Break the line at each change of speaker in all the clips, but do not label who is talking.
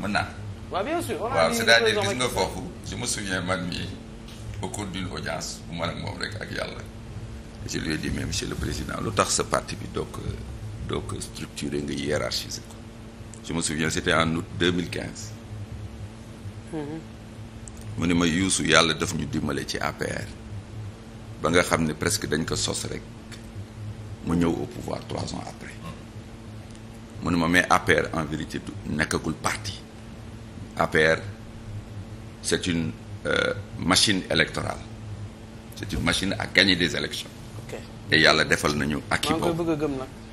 mën naa. waaw bien sûr waaw c'est-à-dire gis nga foofu. je me souviens man mii au cours audience bu man ak moom rek ak yàlla. je lui ai le président lu tax sa parti bi donc donc structuré nga hiérarchiser ko. je me souviens c'était en août 2015. Mm-hmm. mu ne ma yuusu yàlla daf ñu dimbale ci APR. ba nga xam ne presque dañ ko sos rek mu ñëw au trois ans après mm. mu ne ma mais APR en vérité du nekkagul parti. APR c'est une euh, machine électorale c'est une machine ak gagner des élections te yàlla defal nañu acquis boobu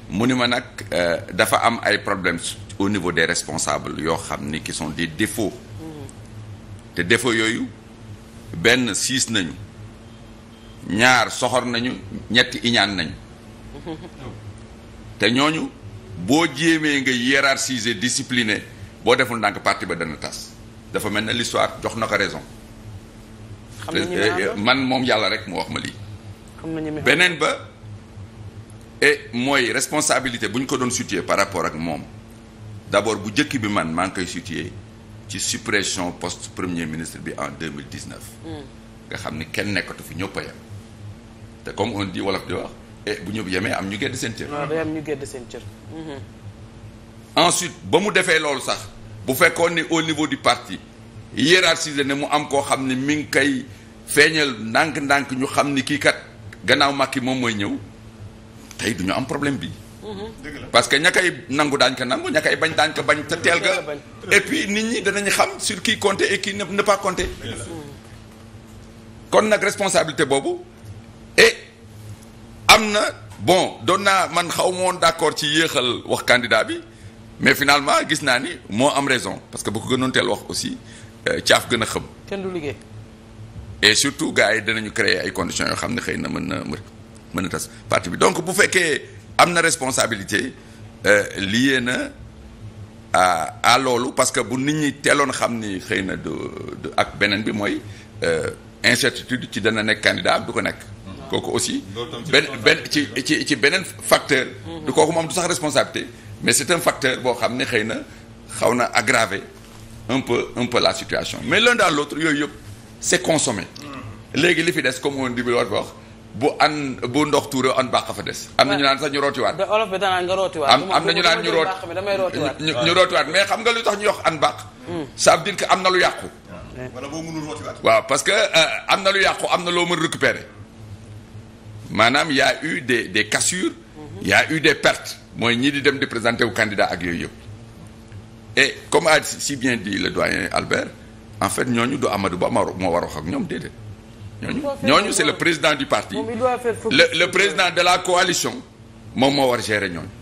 mu ni ma nag euh, dafa am ay problèmes au niveau des responsables yoo xam ni qui sont des défauts mm-hmm. te défauts yooyu benn siis nañu ñaar soxor nañu ñetti iñaan nañu mm-hmm. te ñooñu boo jéemee nga hiérarchiser discipliner boo deful ndànk parti ba dana tas dafa mel ne l'histoire jox na ko raison.
Eh, eh, eh,
man moom yàlla rek mu wax ma lii. beneen ba et mooy responsabilité bu ñu ko doon situer par rapport ak moom d'abord bu jëkk bi man maa ngi koy situer ci suppression post premier ministre bi en 2019 mm. nga xam ni kenn nekkatu fi ñëpp a te comme on dit wolof di wax et bu ñu yemee am ñu gedd seen cër. waaw ah, am ñu gedd seen cër. Mm-hmm. ensuite ba mu defee loolu sax bu fekkoon ni au niveau du parti hiérarchisé ne mu am koo xam ni mi ngi koy feeñal ndànk-ndànk ñu xam ni kii kat gannaaw Macky moom mooy ñëw tey du ñu am problème bi parce que ña koy nangu daañ ko nangu ña koy bañ daañ ko bañ ca teel ga et puis nit ñi danañ xam sur qui compter et qui ne pas compter kon nag responsabilité boobu am na bon doon naa man xaw ma d'accord ci yéexal wax candidat bi mais finalement gis naa ni moo am raison parce que bu ko gënoon teel wax aussi euh, caaf gën a xëm. kenn du liggéey. et surtout gars yi danañu créer ay conditions yoo xam ne xëy na mën na mën a tas parti bi donc bu fekkee am na responsabilité euh, lié na à à loolu parce que bu nit ñi teeloon xam ni xëy na du du ak beneen bi mooy euh, incertitude ci dana nekk candidat ak du ko nekk. Mm-hmm. kooku aussi. benn ci ci ci beneen facteur. Mm-hmm. du kooku moom du sax responsabilité. mais c'est un facteur boo xam ne xëy na xaw na aggraver un peu un peu la situation mais l'un dans l'autre yooyu yëpp c'est consommé mm-hmm. léegi li fi des comme on dit bi bu an bu ndox tuuroo an baax fa des. am na ñu naan sax ñu rootiwaat. olof bi am na ñu naan ñu root ñu rootiwaat mais xam nga lu tax ñu wax an baax. Mm. ça veut dire am na lu yàqu. wala boo mënul rootiwaat. waaw parce que euh, am na lu yàqu am na loo mën récupérer maanaam ya a eu des des cassures. Mm-hmm. y a eu des pertes. mooy ñii di dem di présenter wu candidat ak yooyu yëpp et comme a si bien dit le doyen Albert en fait ñooñu du Amadou Ba moo war wax ñoom déedéet ñooñu ñooñu c'est le président du parti le le président de la coalition moom moo war gérer ñooñu